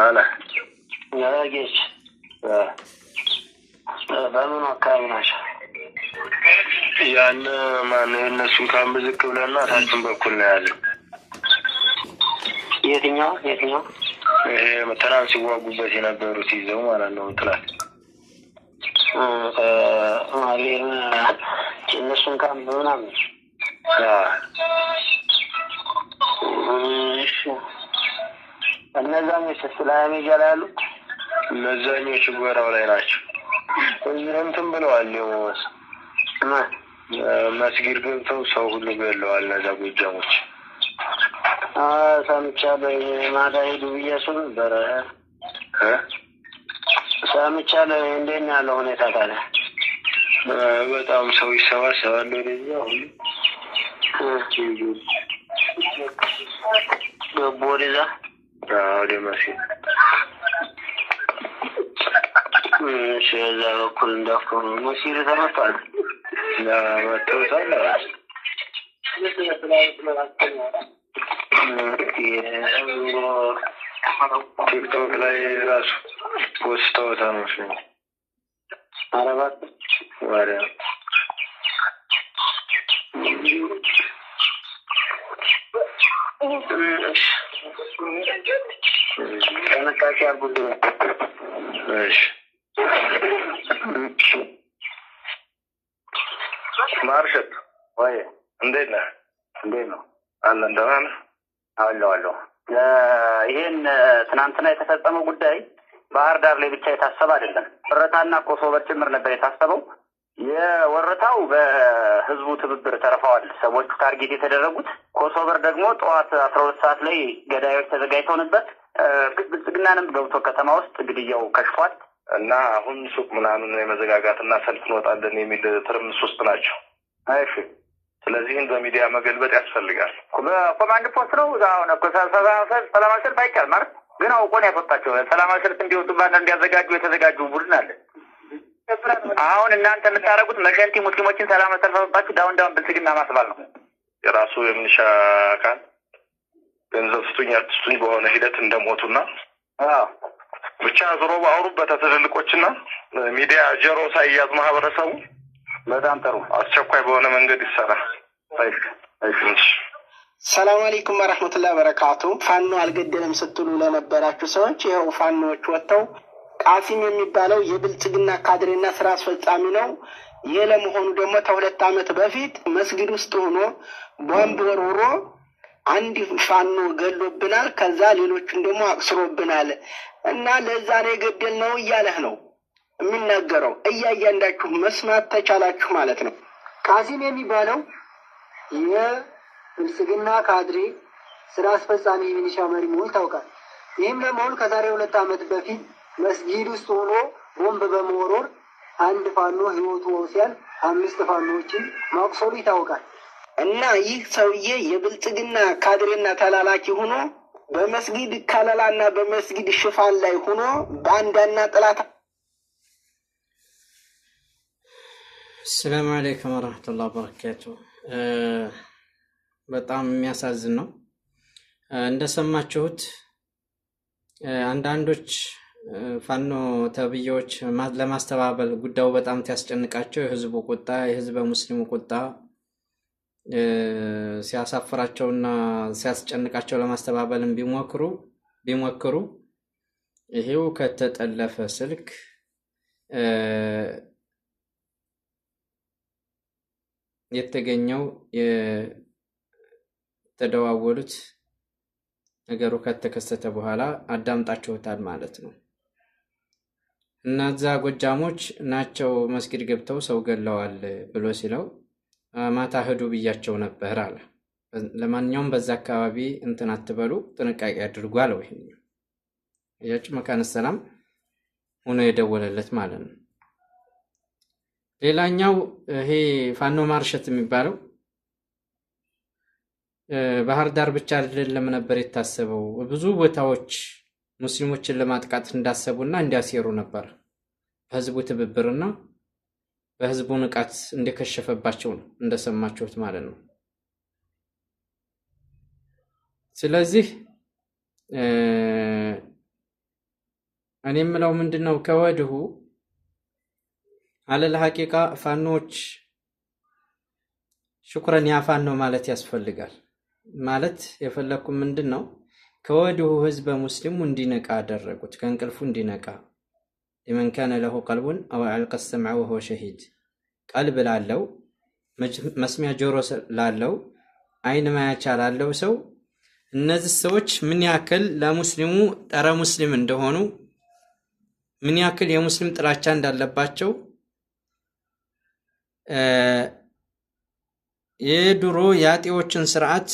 አለ ያጌች በምኑ አካባቢ ናቸው? ያን ማን የእነሱን ካምብ ዝቅ ብለና ታችን በኩል ነው ያለው። የትኛው የትኛው? ይሄ ትናንት ሲዋጉበት የነበሩት ይዘው ማለት ነው ትላል እነሱን ካምብ ምናምን እነዛኞች እስላሚ ይገላሉ። እነዛኞች ጎራው ላይ ናቸው። እንትን ብለዋል የሞስ መስጊድ ገብተው ሰው ሁሉ ገለዋል። እነዛ ጎጃሞች ሰምቻለሁ። ማታ ሄዱ ብያሱን ነበረ ሰምቻለሁ። እንዴት ነው ያለው ሁኔታ ታዲያ? በጣም ሰው ይሰባሰባል ወደዚያ ሁሉ ገቡ ወደዛ በአውደ መርሲት ስለዛ በኩል እንዳፍሆኑ መሲር ተመቷል መተውታል ቲክቶክ ላይ ራሱ ወስተወታ መስሉ አረባት ማሪያ እሺ ጥንቃቄ አድርጉልኝ። ማርሸት ወይ እንዴት ነህ? እንዴት ነው አለን። ደህና ነህ? አለሁ አለሁ። ይሄን ትናንትና የተፈጸመው ጉዳይ ባህር ዳር ላይ ብቻ የታሰበ አይደለም። ወረታና ኮሶበር ጭምር ነበር የታሰበው። የወረታው በህዝቡ ትብብር ተረፈዋል። ሰዎቹ ታርጌት የተደረጉት ኮሶቨር ደግሞ ጠዋት አስራ ሁለት ሰዓት ላይ ገዳዮች ተዘጋጅተውንበት ብልጽግናንም ገብቶ ከተማ ውስጥ ግድያው ከሽፏል እና አሁን ሱቅ ምናምን የመዘጋጋትና ሰልፍ እንወጣለን የሚል ትርምስ ውስጥ ናቸው። እሺ ስለዚህም በሚዲያ መገልበጥ ያስፈልጋል። በኮማንድ ፖስት ነው አሁን ሰላማዊ ሰልፍ አይቻል ማለት ግን አውቆን ያስወጣቸው። ሰላማዊ ሰልፍ እንዲወጡ እንዲወጡባና እንዲያዘጋጁ የተዘጋጁ ቡድን አለ። አሁን እናንተ የምታደርጉት መሸንቲ ሙስሊሞችን ሰላም አሰልፈባችሁ ዳውን ዳውን ብልጽግና ማስባል ነው። የራሱ የምንሻ አካል ገንዘብ ስጡኝ አትስጡኝ በሆነ ሂደት እንደሞቱና ብቻ ዞሮ ባአውሩበት ትልልቆችና ሚዲያ ጀሮ ሳይያዝ ማህበረሰቡ በጣም ጥሩ አስቸኳይ በሆነ መንገድ ይሰራል። ሰላም አሌይኩም ወረህመቱላህ በረካቱ ፋኖ አልገደለም ስትሉ ለነበራችሁ ሰዎች ይኸው ፋኖዎች ወጥተው ቃሲም የሚባለው የብልጽግና ካድሬና ስራ አስፈጻሚ ነው። ይህ ለመሆኑ ደግሞ ከሁለት ዓመት በፊት መስጊድ ውስጥ ሆኖ ቦምብ ወርውሮ አንድ ፋኖ ገሎብናል፣ ከዛ ሌሎቹን ደግሞ አቅስሮብናል እና ለዛ ነው የገደል ነው እያለህ ነው የሚናገረው። እያያንዳችሁ መስማት ተቻላችሁ ማለት ነው። ቃሲም የሚባለው የብልጽግና ካድሬ ስራ አስፈጻሚ የሚኒሻ መሪ መሆን ታውቃል። ይህም ለመሆኑ ከዛሬ ሁለት ዓመት በፊት መስጊድ ውስጥ ሆኖ ቦምብ በመወርወር አንድ ፋኖ ህይወቱ ሲያል አምስት ፋኖዎችን ማቁሰሉ ይታወቃል። እና ይህ ሰውዬ የብልጽግና ካድሬና ተላላኪ ሆኖ በመስጊድ ከለላና በመስጊድ ሽፋን ላይ ሆኖ ባንዳና ጥላት። አሰላሙ አለይኩም ወረህመቱላህ በረካቱ። በጣም የሚያሳዝን ነው እንደሰማችሁት አንዳንዶች ፋኖ ተብዬዎች ለማስተባበል ጉዳዩ በጣም ሲያስጨንቃቸው የህዝቡ ቁጣ የህዝበ ሙስሊሙ ቁጣ ሲያሳፍራቸውና ሲያስጨንቃቸው ለማስተባበልም ቢሞክሩ ቢሞክሩ ይሄው ከተጠለፈ ስልክ የተገኘው የተደዋወሉት ነገሩ ከተከሰተ በኋላ አዳምጣችሁታል ማለት ነው። እነዛ ጎጃሞች ናቸው መስጊድ ገብተው ሰው ገለዋል ብሎ ሲለው ማታ ህዱ ብያቸው ነበር አለ። ለማንኛውም በዛ አካባቢ እንትን አትበሉ፣ ጥንቃቄ አድርጉ አለው። ይሄ ያጭ መካነ ሰላም ሆኖ የደወለለት ማለት ነው። ሌላኛው ይሄ ፋኖ ማርሸት የሚባለው ባህር ዳር ብቻ አይደለም ነበር የታሰበው ብዙ ቦታዎች ሙስሊሞችን ለማጥቃት እንዳሰቡና እንዲያሴሩ ነበር። በህዝቡ ትብብርና በህዝቡ ንቃት እንደከሸፈባቸው ነው እንደሰማችሁት ማለት ነው። ስለዚህ እኔ የምለው ምንድን ነው ከወዲሁ አለል ሀቂቃ ፋኖች ሽኩረን ያፋን ነው ማለት ያስፈልጋል። ማለት የፈለግኩም ምንድን ነው ከወዲሁ ህዝበ ሙስሊሙ እንዲነቃ አደረጉት፣ ከእንቅልፉ እንዲነቃ። ሊመን ካነ ለሁ ቀልቡን አው አልቀ ሰምዐ ወሁወ ሸሂድ። ቀልብ ላለው መስሚያ ጆሮ ላለው አይን ማያቻ ላለው ሰው እነዚህ ሰዎች ምን ያክል ለሙስሊሙ ጠረ ሙስሊም እንደሆኑ ምን ያክል የሙስሊም ጥላቻ እንዳለባቸው የድሮ የአጤዎችን ስርዓት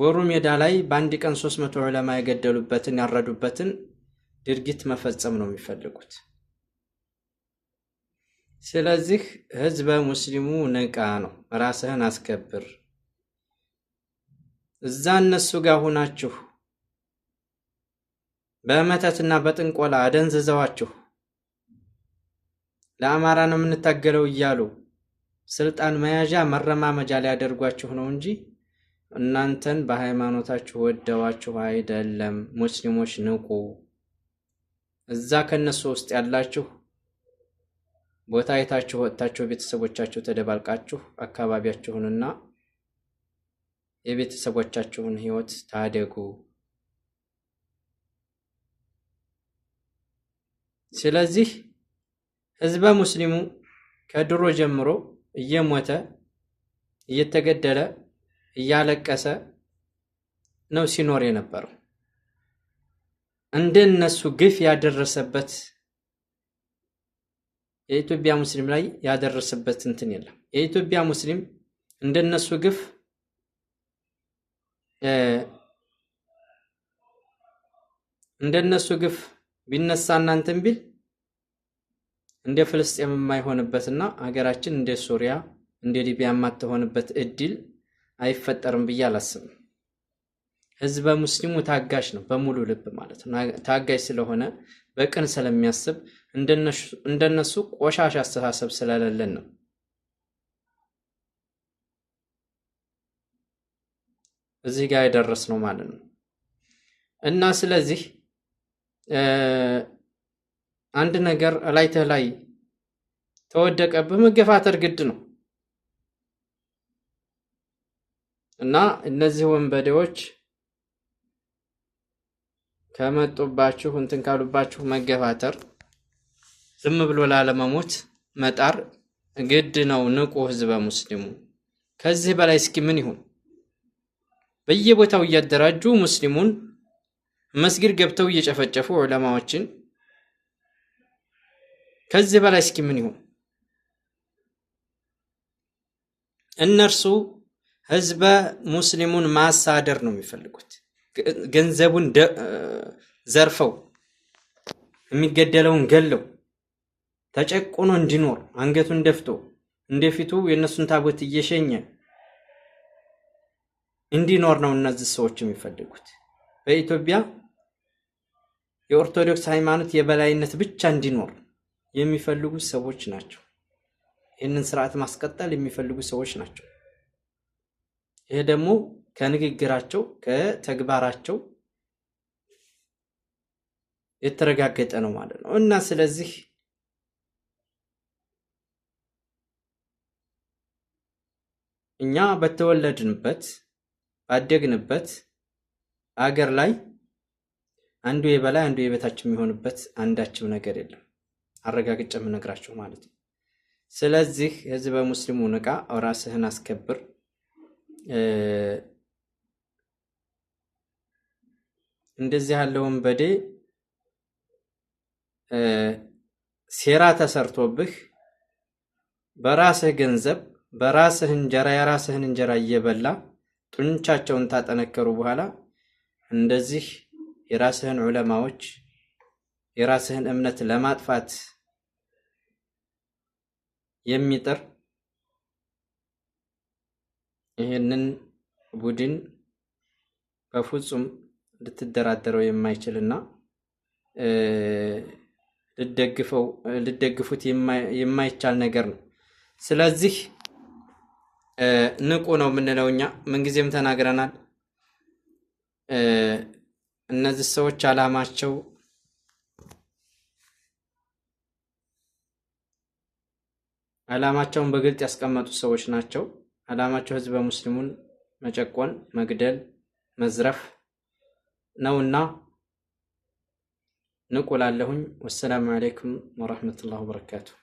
ጎሩ ሜዳ ላይ በአንድ ቀን 300 መቶ ዑለማ የገደሉበትን ያረዱበትን ድርጊት መፈጸም ነው የሚፈልጉት። ስለዚህ ህዝበ ሙስሊሙ ንቃ ነው፣ ራስህን አስከብር። እዛ እነሱ ጋር ሁናችሁ በመተትና በጥንቆላ አደንዝዘዋችሁ ለአማራ ነው የምንታገለው እያሉ ስልጣን መያዣ መረማመጃ ሊያደርጓችሁ ነው እንጂ እናንተን በሃይማኖታችሁ ወደዋችሁ አይደለም። ሙስሊሞች ንቁ። እዛ ከነሱ ውስጥ ያላችሁ ቦታ አይታችሁ ወጥታችሁ ቤተሰቦቻችሁ ተደባልቃችሁ አካባቢያችሁንና የቤተሰቦቻችሁን ህይወት ታደጉ። ስለዚህ ህዝበ ሙስሊሙ ከድሮ ጀምሮ እየሞተ እየተገደለ እያለቀሰ ነው ሲኖር የነበረው። እንደነሱ ግፍ ያደረሰበት የኢትዮጵያ ሙስሊም ላይ ያደረሰበት እንትን የለም። የኢትዮጵያ ሙስሊም እንደነሱ ግፍ እንደነሱ ግፍ ቢነሳ እናንተን ቢል እንደ ፍልስጤም የማይሆንበትና ሀገራችን እንደ ሱሪያ እንደ ሊቢያ የማትሆንበት እድል አይፈጠርም ብዬ አላስብም። ህዝበ ሙስሊሙ ታጋሽ ነው፣ በሙሉ ልብ ማለት ነው። ታጋሽ ስለሆነ በቅን ስለሚያስብ እንደነሱ ቆሻሻ አስተሳሰብ ስለለለን ነው። እዚህ ጋር የደረስ ነው ማለት ነው። እና ስለዚህ አንድ ነገር ላይተህ ላይ ተወደቀ በመገፋተር ግድ ነው። እና እነዚህ ወንበዴዎች ከመጡባችሁ እንትን ካሉባችሁ መገፋተር፣ ዝም ብሎ ላለመሞት መጣር ግድ ነው። ንቁ ህዝበ ሙስሊሙ። ከዚህ በላይ እስኪ ምን ይሁን? በየቦታው እያደራጁ ሙስሊሙን መስጊድ ገብተው እየጨፈጨፉ ዑለማዎችን። ከዚህ በላይ እስኪ ምን ይሁን? እነርሱ ህዝበ ሙስሊሙን ማሳደር ነው የሚፈልጉት። ገንዘቡን ዘርፈው የሚገደለውን ገለው ተጨቁኖ እንዲኖር አንገቱን ደፍቶ እንደፊቱ የእነሱን ታቦት እየሸኘ እንዲኖር ነው እነዚህ ሰዎች የሚፈልጉት። በኢትዮጵያ የኦርቶዶክስ ሃይማኖት የበላይነት ብቻ እንዲኖር የሚፈልጉ ሰዎች ናቸው። ይህንን ስርዓት ማስቀጠል የሚፈልጉ ሰዎች ናቸው። ይሄ ደግሞ ከንግግራቸው ከተግባራቸው የተረጋገጠ ነው ማለት ነው እና ስለዚህ እኛ በተወለድንበት ባደግንበት አገር ላይ አንዱ የበላይ አንዱ የበታችን የሚሆንበት አንዳችም ነገር የለም። አረጋግጬ የምነግራችሁ ማለት ነው። ስለዚህ ህዝበ ሙስሊሙ ንቃ፣ ራስህን አስከብር። እንደዚህ ያለውን በዴ ሴራ ተሰርቶብህ በራስህ ገንዘብ በራስህ እንጀራ የራስህን እንጀራ እየበላ ጡንቻቸውን ታጠነከሩ በኋላ እንደዚህ የራስህን ዑለማዎች የራስህን እምነት ለማጥፋት የሚጥር ይህንን ቡድን በፍጹም ልትደራደረው የማይችል እና ልደግፉት የማይቻል ነገር ነው። ስለዚህ ንቁ ነው የምንለው እኛ ምንጊዜም ተናግረናል። እነዚህ ሰዎች አላማቸው ዓላማቸውን በግልጽ ያስቀመጡ ሰዎች ናቸው። አላማቸው ህዝበ ሙስሊሙን መጨቆን፣ መግደል፣ መዝረፍ ነውና ንቁላለሁኝ ወሰላሙ ዓለይኩም ወረሕመቱላህ ወበረካቱሁ።